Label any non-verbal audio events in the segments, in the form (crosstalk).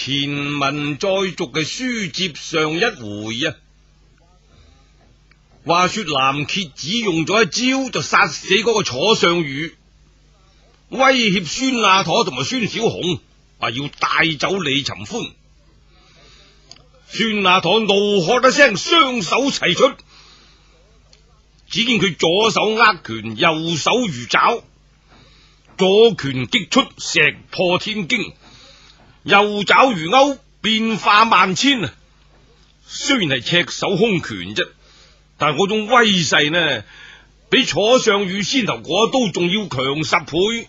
前文再續嘅書接上一回啊，話說藍蠍子用咗一招就殺死嗰個楚尚宇，威脅孫亞陀同埋孫小紅，話要帶走李尋歡。孫亞陀怒，怒喝一聲，雙手齊出，只見佢左手握拳，右手如爪，左拳擊出，石破天驚。右爪如鈎，變化萬千啊！雖然係赤手空拳啫，但係嗰種威勢呢，比坐上宇先頭嗰刀仲要強十倍。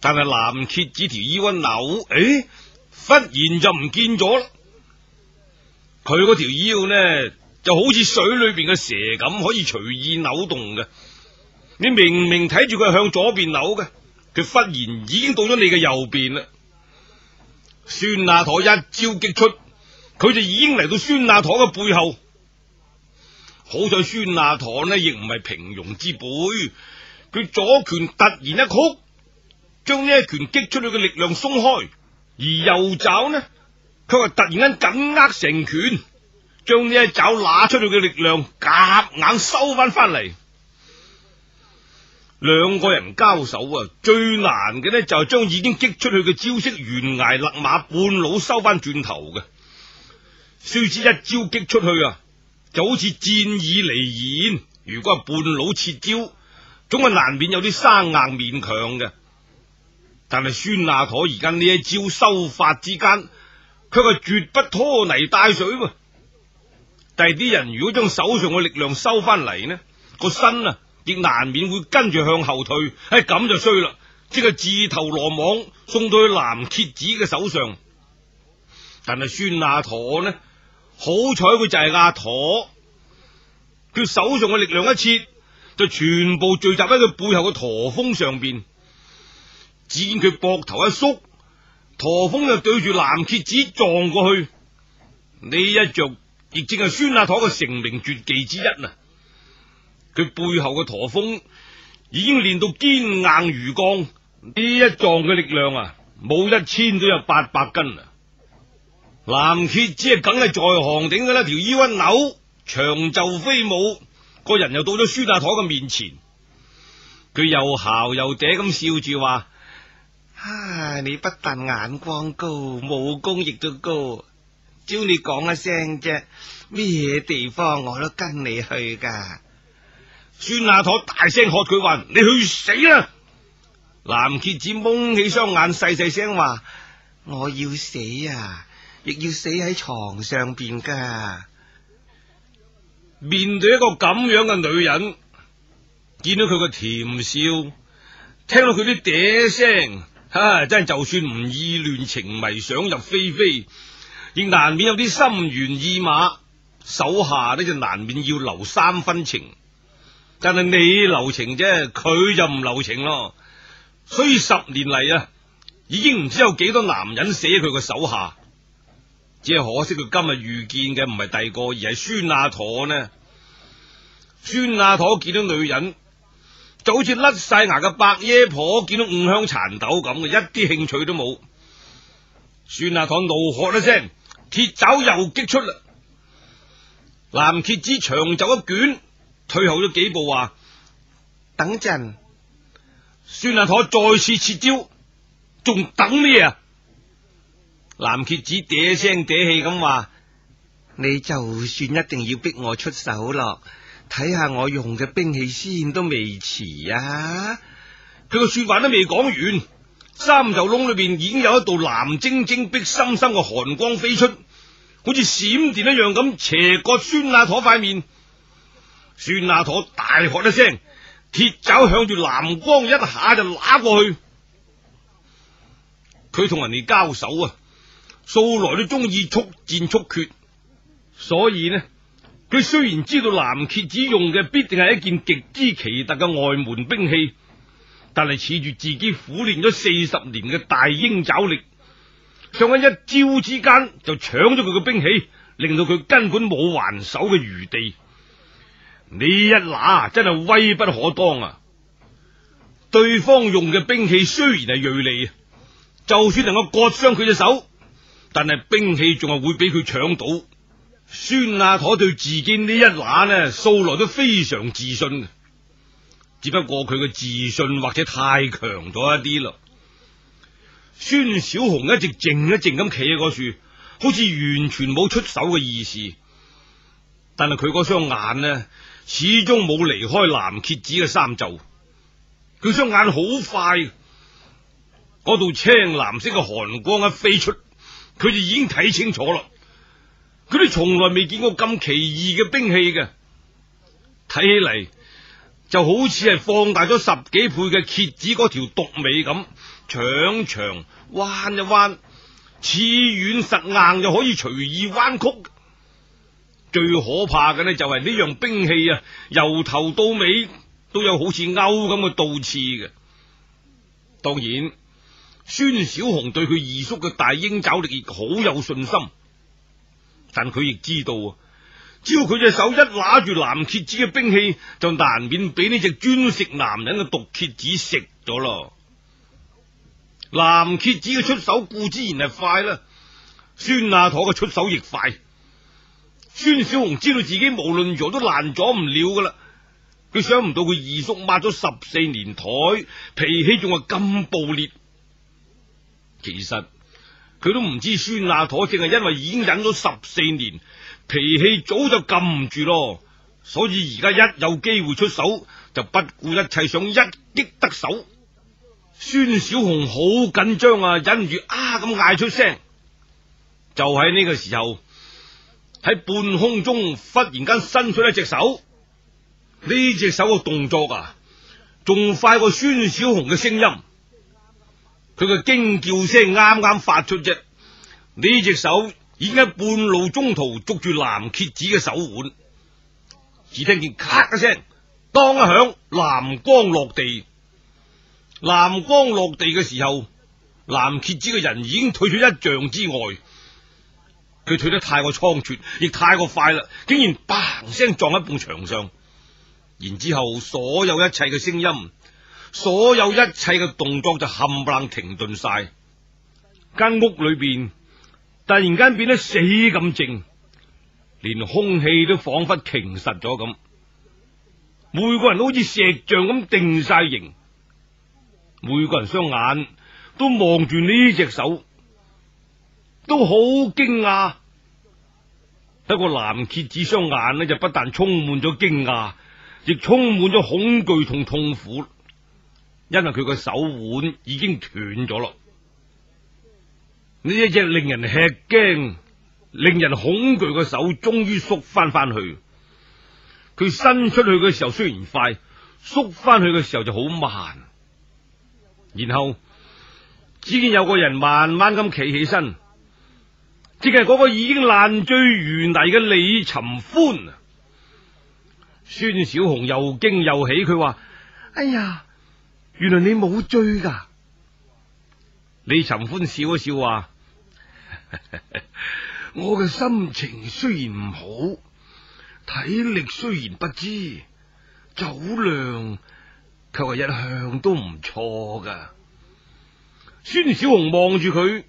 但係藍蠍子條腰一扭，誒、欸，忽然就唔見咗啦。佢嗰條腰呢，就好似水裏邊嘅蛇咁，可以隨意扭動嘅。你明明睇住佢向左邊扭嘅，佢忽然已經到咗你嘅右邊啦。孫亞陀一招擊出，佢就已經嚟到孫亞陀嘅背後。好在孫亞陀呢，亦唔係平庸之輩，佢左拳突然一曲，將呢一拳擊出去嘅力量鬆開，而右爪呢，佢係突然間緊握成拳，將呢一爪拿出去嘅力量夾硬收翻翻嚟。兩個人交手啊，最難嘅呢就係、是、將已經擊出去嘅招式懸崖勒馬，半老收翻轉頭嘅。須知一招擊出去啊，就好似箭已離弦。如果係半老撤招，總係難免有啲生硬勉強嘅。但係孫亞陀而家呢一招收法之間，佢係絕不拖泥帶水噃。但係啲人如果將手上嘅力量收翻嚟呢，個身啊。亦難免會跟住向後退，喺、哎、咁就衰啦，即係自投羅網，送到去藍蠍子嘅手上。但係孫阿陀呢？好彩佢就係阿陀，佢手上嘅力量一切，就全部聚集喺佢背後嘅駝峰上邊。只見佢膊頭一縮，駝峰就對住藍蠍子撞過去。呢一着亦正係孫阿陀嘅成名絕技之一啊！佢背後嘅駝峰已經練到堅硬如鋼，呢一撞嘅力量啊，冇一千都有八百斤，啊。藍蠍子梗係在行頂噶啦，條腰扭長袖飛舞，個人又到咗舒大台嘅面前，佢又姣又嗲咁笑住話，啊：你不但眼光高，武功亦都高，只要你講一聲啫，咩地方我都跟你去噶。孫阿陀大聲喝佢話：你去死啦！藍蠍子蒙起雙眼，細細聲話：我要死啊，亦要死喺床上邊噶。面對一個咁樣嘅女人，見到佢個甜笑，聽到佢啲嗲聲，唉、啊，真係就算唔意亂情迷，想入非非，亦難免有啲心猿意馬，手下呢就難免要留三分情。但就係你留情啫，佢就唔留情咯。所以十年嚟啊，已經唔知有幾多男人死喺佢個手下。只係可惜佢今日遇見嘅唔係第二個，而係孫阿陀呢？孫阿陀見到女人就好似甩晒牙嘅白耶婆見到五香蠶豆咁嘅，一啲興趣都冇。孫阿陀怒喝一聲，鐵爪又擊出啦，藍蠍子長袖一卷。退後咗幾步，話等陣。孫阿婆再次撤招，仲等咩啊？藍蠍子嗲聲嗲氣咁話：你就算一定要逼我出手咯，睇下我用嘅兵器先都未遲啊！佢個說話都未講完，三袖窿裏邊已經有一道藍晶晶、碧深深嘅寒光飛出，好似閃電一樣咁斜過孫阿婆塊面。孫阿陀大喝一聲，鐵爪向住藍光一下就揦過去。佢同人哋交手啊，素來都中意速戰速決，所以呢，佢雖然知道藍蠍子用嘅必定係一件極之奇特嘅外門兵器，但係恃住自己苦練咗四十年嘅大鷹爪力，想喺一招之間就搶咗佢嘅兵器，令到佢根本冇還手嘅餘地。呢一拿真係威不可當啊！對方用嘅兵器雖然係銳利，就算能夠割傷佢隻手，但係兵器仲係會俾佢搶到。孫阿陀對自己呢一拿呢，素來都非常自信，只不過佢嘅自信或者太強咗一啲啦。孫小紅一直靜一靜咁企喺嗰處，好似完全冇出手嘅意思，但係佢嗰雙眼呢？始終冇離開藍蠍子嘅衫袖，佢雙眼好快，嗰道青藍色嘅寒光一飛出，佢就已經睇清楚啦。佢哋從來未見過咁奇異嘅兵器嘅，睇起嚟就好似係放大咗十幾倍嘅蝎子嗰條毒尾咁，長長彎一彎，似軟實硬，又可以隨意彎曲。最可怕嘅咧就係呢樣兵器啊，由頭到尾都有好似勾咁嘅倒刺嘅。當然，孫小紅對佢二叔嘅大鷹爪力亦好有信心，但佢亦知道，只要佢隻手一拿住藍蠍子嘅兵器，就難免俾呢隻專食男人嘅毒蠍子食咗咯。藍蠍子嘅出手固之然係快啦，孫亞佗嘅出手亦快。孫小紅知道自己無論如何都難阻唔了噶啦，佢想唔到佢二叔抹咗十四年台，脾氣仲係咁暴烈。其實佢都唔知孫亞、啊、妥正係因為已經忍咗十四年，脾氣早就禁唔住咯，所以而家一有機會出手，就不顧一切想一擊得手。孫小紅好緊張啊，忍唔住啊咁嗌出聲，就喺呢個時候。喺半空中忽然間伸出一隻手，呢隻手嘅動作啊，仲快過孫小紅嘅聲音。佢嘅驚叫聲啱啱發出啫，呢隻手已經喺半路中途捉住藍蠍子嘅手腕，只聽見咔一聲，當一響，藍光落地。藍光落地嘅時候，藍蠍子嘅人已經退出一丈之外。佢退得太過倉促，亦太過快啦，竟然嘭聲撞喺埲牆上，然之後所有一切嘅聲音，所有一切嘅動作就冚唪唥停頓晒，間屋裏邊突然間變得死咁靜，連空氣都仿佛停實咗咁，每個人都好似石像咁定晒形，每個人雙眼都望住呢隻手。都好驚訝，不過藍蠍子雙眼呢就不但充滿咗驚訝，亦充滿咗恐懼同痛苦，因為佢個手腕已經斷咗咯。呢一隻令人吃驚、令人恐懼嘅手終於縮翻翻去，佢伸出去嘅時候雖然快，縮翻去嘅時候就好慢。然後只見有個人慢慢咁企起身。即係嗰個已經爛醉如泥嘅李尋歡，孫小紅又驚又喜，佢話：哎呀，原來你冇醉噶！李尋歡笑一笑話：我嘅心情雖然唔好，體力雖然不知酒量，卻係一向都唔錯噶。孫小紅望住佢。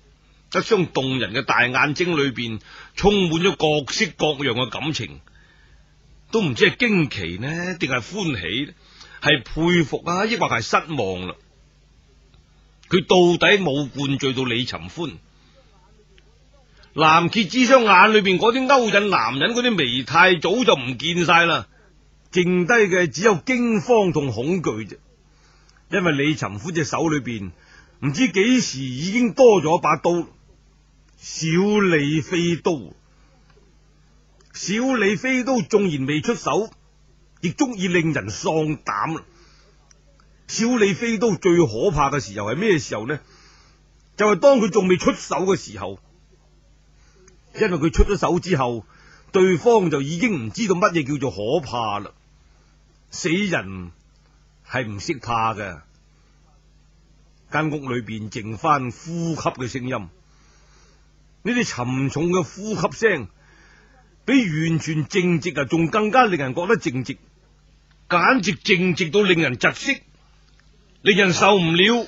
一雙動人嘅大眼睛裏邊充滿咗各式各樣嘅感情，都唔知係驚奇呢，定係歡喜，係佩服啊，抑或係失望啦？佢到底冇灌醉到李尋歡，藍蠍子雙眼裏邊嗰啲勾引男人嗰啲媚態早就唔見晒啦，剩低嘅只有驚慌同恐懼啫，因為李尋歡隻手裏邊唔知幾時已經多咗一把刀。小李飛刀，小李飛刀縱然未出手，亦足以令人喪膽。小李飛刀最可怕嘅時候係咩時候呢？就係、是、當佢仲未出手嘅時候，因為佢出咗手之後，對方就已經唔知道乜嘢叫做可怕啦。死人係唔識怕嘅，間屋裏邊剩返呼吸嘅聲音。呢啲沉重嘅呼吸聲，比完全靜寂啊，仲更加令人覺得靜寂，簡直靜寂到令人窒息，令人受唔了，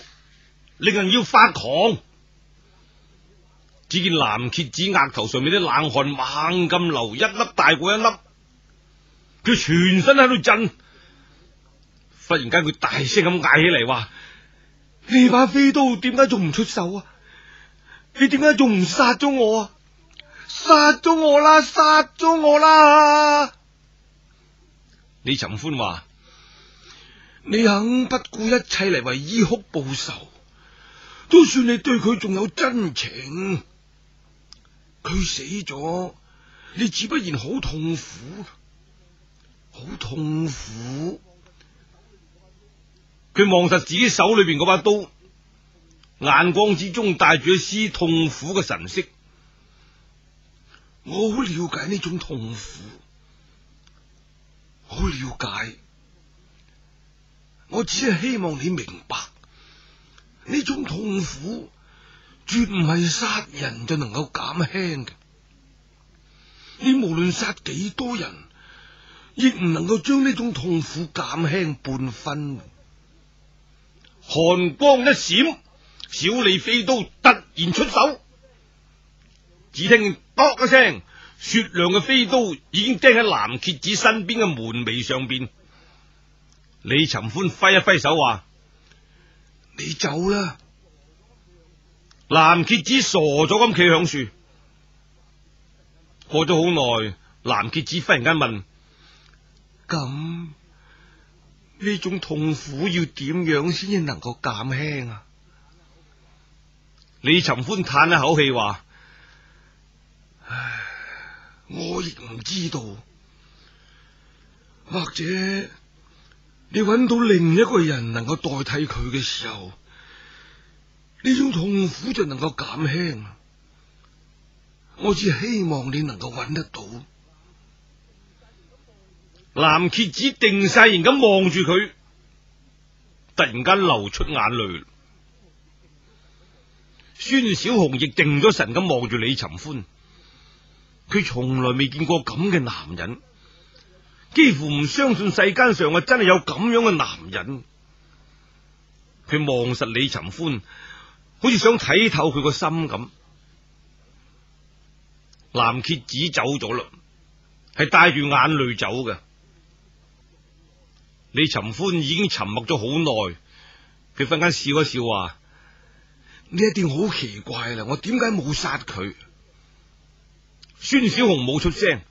令人要發狂。只見藍蝎子額頭上面啲冷汗猛咁流，一粒大過一粒，佢全身喺度震。忽然間，佢大聲咁嗌起嚟話：呢把飛刀點解仲唔出手啊？你點解仲唔殺咗我？殺咗我啦，殺咗我啦！李尋歡話：你肯不顧一切嚟為依哭報仇，都算你對佢仲有真情。佢死咗，你自不然好痛苦，好痛苦。佢望實自己手裏邊嗰把刀。眼光之中帶住一絲痛苦嘅神色，我好了解呢種痛苦，好了解我只係希望你明白，呢種痛苦絕唔係殺人就能夠減輕嘅。你無論殺幾多人，亦唔能夠將呢種痛苦減輕半分。寒光一閃。小李飛刀突然出手，只聽見咚一聲，雪亮嘅飛刀已經釘喺藍蠍子身邊嘅門楣上邊。李尋歡揮一揮手話：你走啦！藍蠍子傻咗咁企喺度。過咗好耐，藍蠍子忽然間問：咁呢種痛苦要點樣先至能夠減輕啊？李尋歡嘆一口氣，話：唉，我亦唔知道，或者你揾到另一個人能夠代替佢嘅時候，呢種痛苦就能夠減輕。我只希望你能夠揾得到。藍蠍子定晒形咁望住佢，突然間流出眼淚。孫小紅亦定咗神咁望住李尋歡，佢從來未見過咁嘅男人，幾乎唔相信世間上啊真係有咁樣嘅男人。佢望實李尋歡，好似想睇透佢個心咁。藍蠍子走咗嘞，係帶住眼淚走㗎。李尋歡已經沉默咗好耐，佢忽間笑一笑話。你一定好奇怪啦！我點解冇殺佢？孫小紅冇出聲，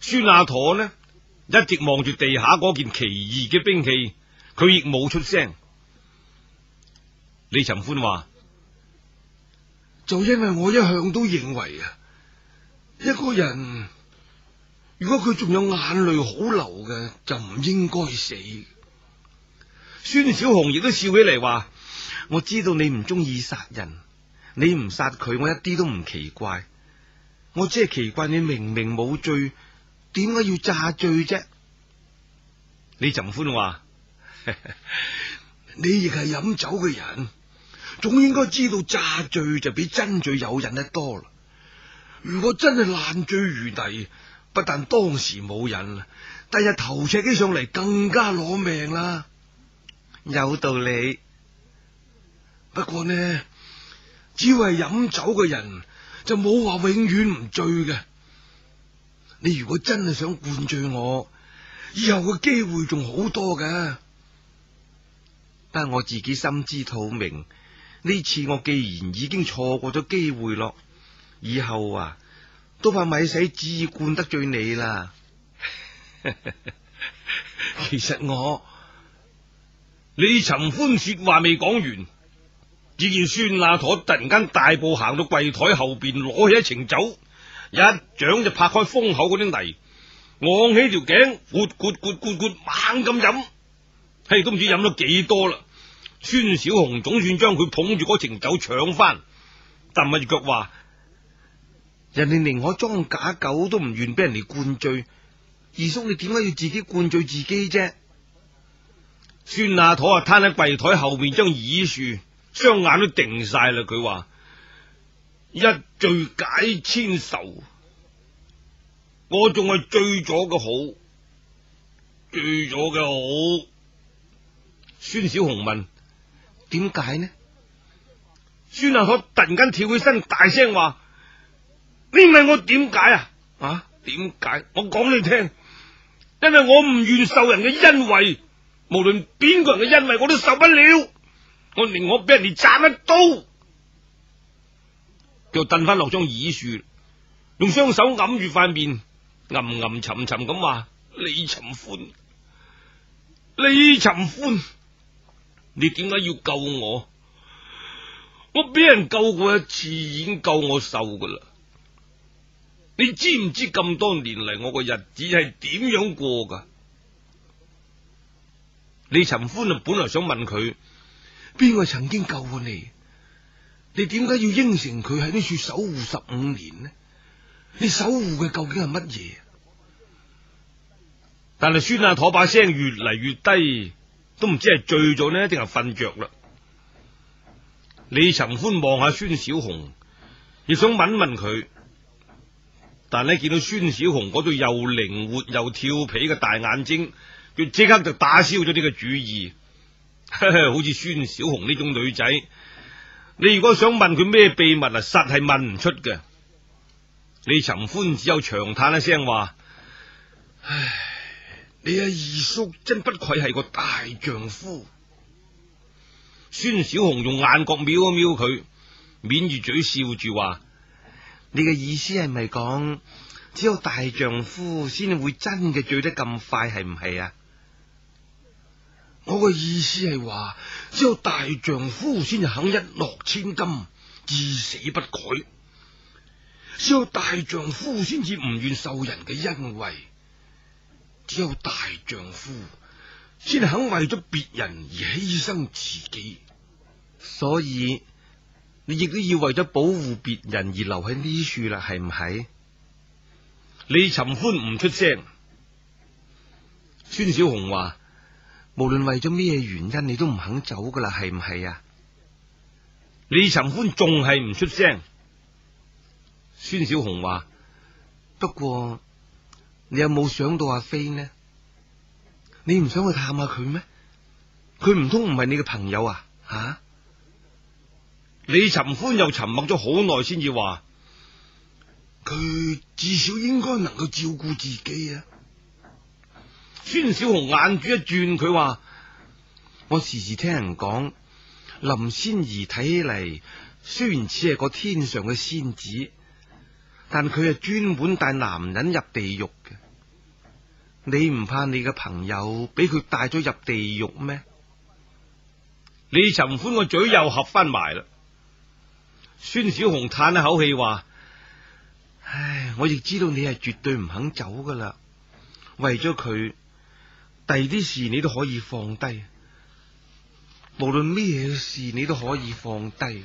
孫阿駝呢一直望住地下嗰件奇異嘅兵器，佢亦冇出聲。李尋歡話：就因為我一向都認為啊，一個人如果佢仲有眼淚好流嘅，就唔應該死。孫小紅亦都笑起嚟話。我知道你唔中意殺人，你唔殺佢，我一啲都唔奇怪。我只係奇怪你明明冇醉，點解要詐醉啫？李尋歡話： (laughs) 你亦係飲酒嘅人，總應該知道詐醉就比真醉有癮得多啦。如果真係爛醉如泥，不但當時冇癮啦，第日頭赤起上嚟，更加攞命啦。有道理。不過呢，只要係飲酒嘅人，就冇話永遠唔醉嘅。你如果真係想灌醉我，以後嘅機會仲好多嘅。但係我自己心知肚明，呢次我既然已經錯過咗機會咯，以後啊都怕咪使自灌得罪你啦。 (laughs) 其實我 (laughs) 你尋歡說話未講完。只見孫亞陀突然間大步行到櫃台後邊，攞起一程酒，一掌就拍開封口嗰啲泥，昂起條頸，活咕咕咕咕，猛咁飲。嘿，都唔知飲咗幾多啦。孫小紅總算將佢捧住嗰瓶酒搶翻，蹬住腳話：人哋寧可裝假狗都唔願俾人哋灌醉。二叔，你點解要自己灌醉自己啫？孫亞陀啊，攤喺櫃台後邊張椅樹。雙眼都定晒啦！佢話一醉解千愁，我仲係醉咗嘅好，醉咗嘅好。孫小紅問：點解呢？孫阿可突然間跳起身，大聲話：你問我點解啊？啊，點解？我講你聽，因為我唔願受人嘅恩惠，無論邊個人嘅恩惠，我都受不了。我令我俾人哋斬一刀，就蹲翻落張椅樹，用雙手揞住塊面，暗暗沉沉咁話：李尋歡，李尋歡，你點解要救我？我俾人救過一次，已經夠我受噶啦。你知唔知咁多年嚟，我個日子係點樣過噶？李尋歡啊，本來想問佢。邊個曾經救過你？你點解要應承佢喺呢處守護十五年呢？你守護嘅究竟係乜嘢？但係孫阿駝把聲越嚟越低，都唔知係醉咗呢，定係瞓着啦。李尋歡望下孫小紅，亦想問問佢，但係呢，見到孫小紅嗰對又靈活又調皮嘅大眼睛，佢即刻就打消咗呢個主意。 (laughs) 好似孫小紅呢種女仔，你如果想問佢咩秘密啊，實係問唔出嘅。李尋歡只有長嘆一聲話：唉，你阿、啊、二叔真不愧係個大丈夫。孫 (laughs) 小紅用眼角瞄一瞄佢，抿住嘴笑住話：你嘅意思係咪講，只有大丈夫先至會真嘅醉得咁快，係唔係啊？我個意思係話，只有大丈夫先肯一諾千金，至死不改；只有大丈夫先至唔願受人嘅恩惠；只有大丈夫先肯為咗別人而犧牲自己。所以你亦都要為咗保護別人而留喺呢處啦，係唔係？李尋歡唔出聲，孫小紅話。無論為咗咩原因，你都唔肯走噶啦，係唔係啊？李尋歡仲係唔出聲。孫小紅話：不過，你有冇想到阿飛呢？你唔想去探下佢咩？佢唔通唔係你嘅朋友啊？啊！李尋歡又沉默咗好耐，先至話：佢至少應該能夠照顧自己啊。孫小紅眼珠一轉，佢話：我時時聽人講，林仙兒睇起嚟雖然似係個天上嘅仙子，但佢係專門帶男人入地獄嘅。你唔怕你嘅朋友俾佢帶咗入地獄咩？李尋歡個嘴又合翻埋啦。孫小紅嘆一口氣話：唉，我亦知道你係絕對唔肯走噶啦，為咗佢。第啲事你都可以放低，無論咩嘢事你都可以放低。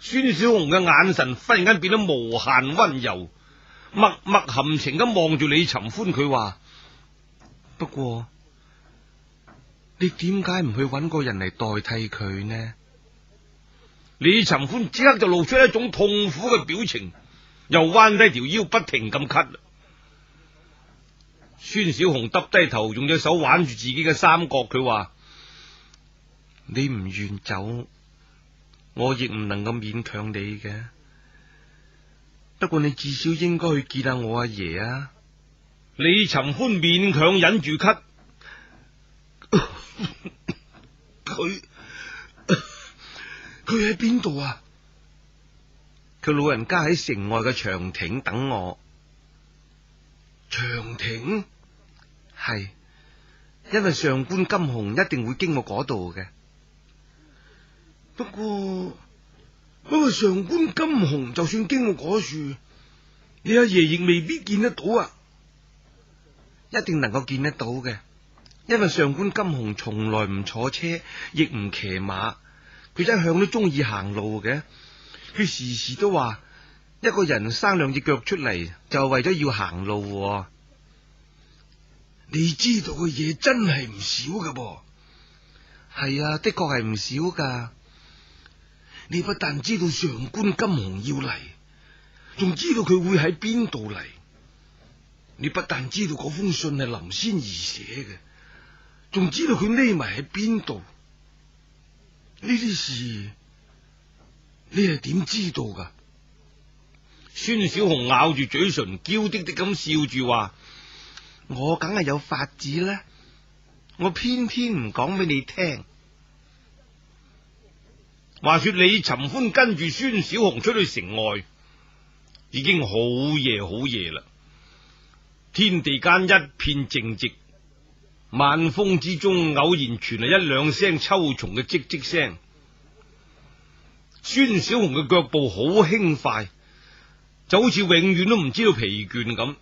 孫小紅嘅眼神忽然間變得無限溫柔，默默含情咁望住李尋歡，佢話：不過你點解唔去揾個人嚟代替佢呢？李尋歡即刻就露出一種痛苦嘅表情，又彎低條腰，不停咁咳，咳。孫小紅耷低頭，用隻手挽住自己嘅三角，佢話：你唔願走，我亦唔能夠勉強你嘅。不過你至少應該去見下我阿爺啊！李尋歡勉強忍住咳，佢，佢喺邊度啊？佢老人家喺城外嘅長亭等我。長亭係，因為上官金虹一定會經過嗰度嘅。不過，不過上官金虹就算經過嗰處，你阿爺亦未必見得到啊！一定能夠見得到嘅，因為上官金虹從來唔坐車，亦唔騎馬，佢一向都中意行路嘅。佢時時都話。一個人生兩隻腳出嚟，就為咗要行路，啊。你知道嘅嘢真係唔少噶噃係啊，的確係唔少噶。你不但知道上官金鴻要嚟，仲知道佢會喺邊度嚟。你不但知道嗰封信係林仙兒寫嘅，仲知道佢匿埋喺邊度。呢啲事你係點知道噶？孫小紅咬住嘴唇，嬌滴滴咁笑住話：我梗係有法子呢，我偏偏唔講俾你聽。話說李尋歡跟住孫小紅出去城外，已經好夜好夜啦，天地間一片靜寂，晚風之中偶然傳嚟一兩聲秋蟲嘅唧唧聲。孫小紅嘅腳步好輕快。就好似永遠都唔知道疲倦咁，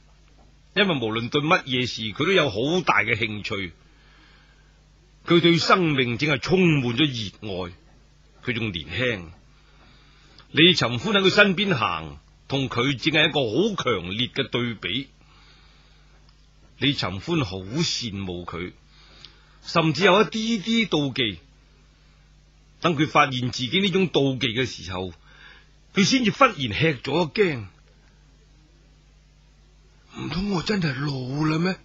因為無論對乜嘢事，佢都有好大嘅興趣。佢對生命淨係充滿咗熱愛。佢仲年輕，李尋歡喺佢身邊行，同佢淨係一個好強烈嘅對比。李尋歡好羨慕佢，甚至有一啲啲妒忌。等佢發現自己呢種妒忌嘅時候，佢先至忽然吃咗一驚。唔通我真係老啦咩？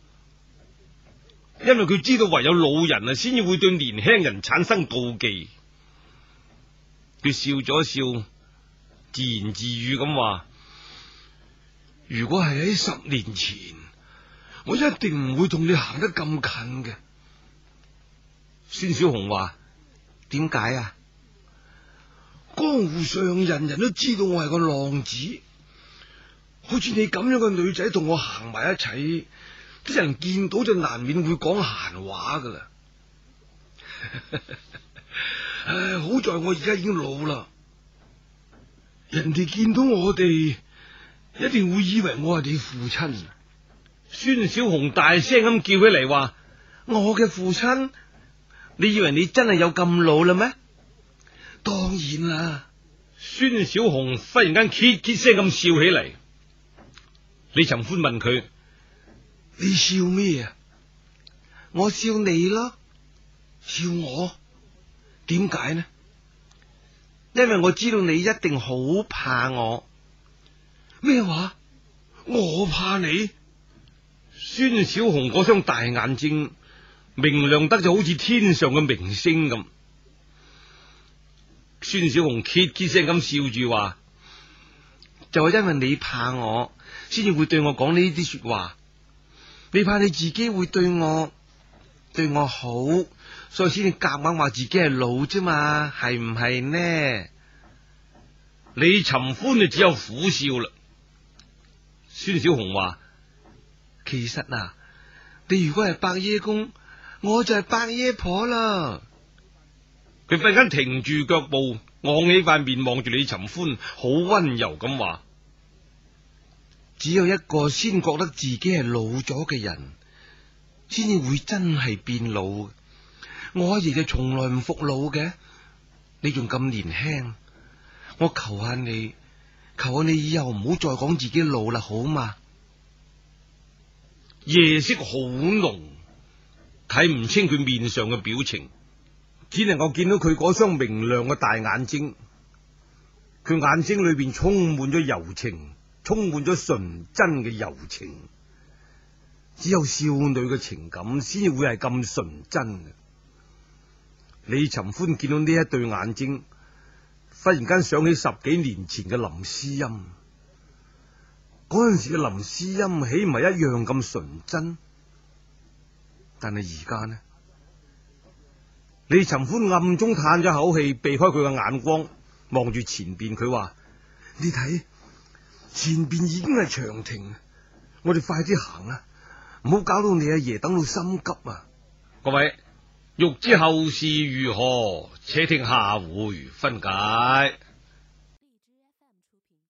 因為佢知道唯有老人啊，先至會對年輕人產生妒忌。佢笑咗笑，自言自語咁話：「如果係喺十年前，我一定唔會同你行得咁近嘅。孫小紅話：「點解啊？江湖上人人都知道我係個浪子。好似你咁樣嘅女仔同我行埋一齊，啲人見到就難免會講閒話噶啦。 (laughs) 唉，好在我而家已經老啦，人哋見到我哋一定會以為我係你父親。孫小紅大聲咁叫起嚟話：我嘅父親，你以為你真係有咁老啦咩？當然啦！孫小紅忽然間歇歇聲咁笑起嚟。 (laughs) 李尋歡問佢：你笑咩啊？我笑你咯，笑我？點解呢？因為我知道你一定好怕我。咩話？我怕你？孫小紅嗰雙大眼睛明亮得就好似天上嘅明星咁。孫小紅揭怯聲咁笑住話：就係、是、因為你怕我。先至會對我講呢啲說話，你怕你自己會對我對我好，所以先至夾硬話自己係老啫嘛，係唔係呢？李尋歡就只有苦笑啦。孫小紅話：其實啊，你如果係白爺公，我就係白爺婆啦。佢忽然間停住腳步，昂起塊面望住李尋歡，好溫柔咁話。只有一個先覺得自己係老咗嘅人，先至會真係變老。我爺就從來唔服老嘅，你仲咁年輕，我求下你，求下你以後唔好再講自己老啦，好嘛？夜色好濃，睇唔清佢面上嘅表情，只能夠見到佢嗰雙明亮嘅大眼睛，佢眼睛裏邊充滿咗柔情。充滿咗純真嘅柔情，只有少女嘅情感先會係咁純真。李尋歡見到呢一對眼睛，忽然間想起十幾年前嘅林詩音，嗰陣時嘅林詩音豈唔係一樣咁純真？但係而家呢？李尋歡暗中嘆咗口氣，避開佢嘅眼光，望住前邊，佢話：你睇。前邊已經係長亭，我哋快啲行啦，唔好搞到你阿、啊、爺等到心急啊！各位，欲知後事如何，且聽下回分解。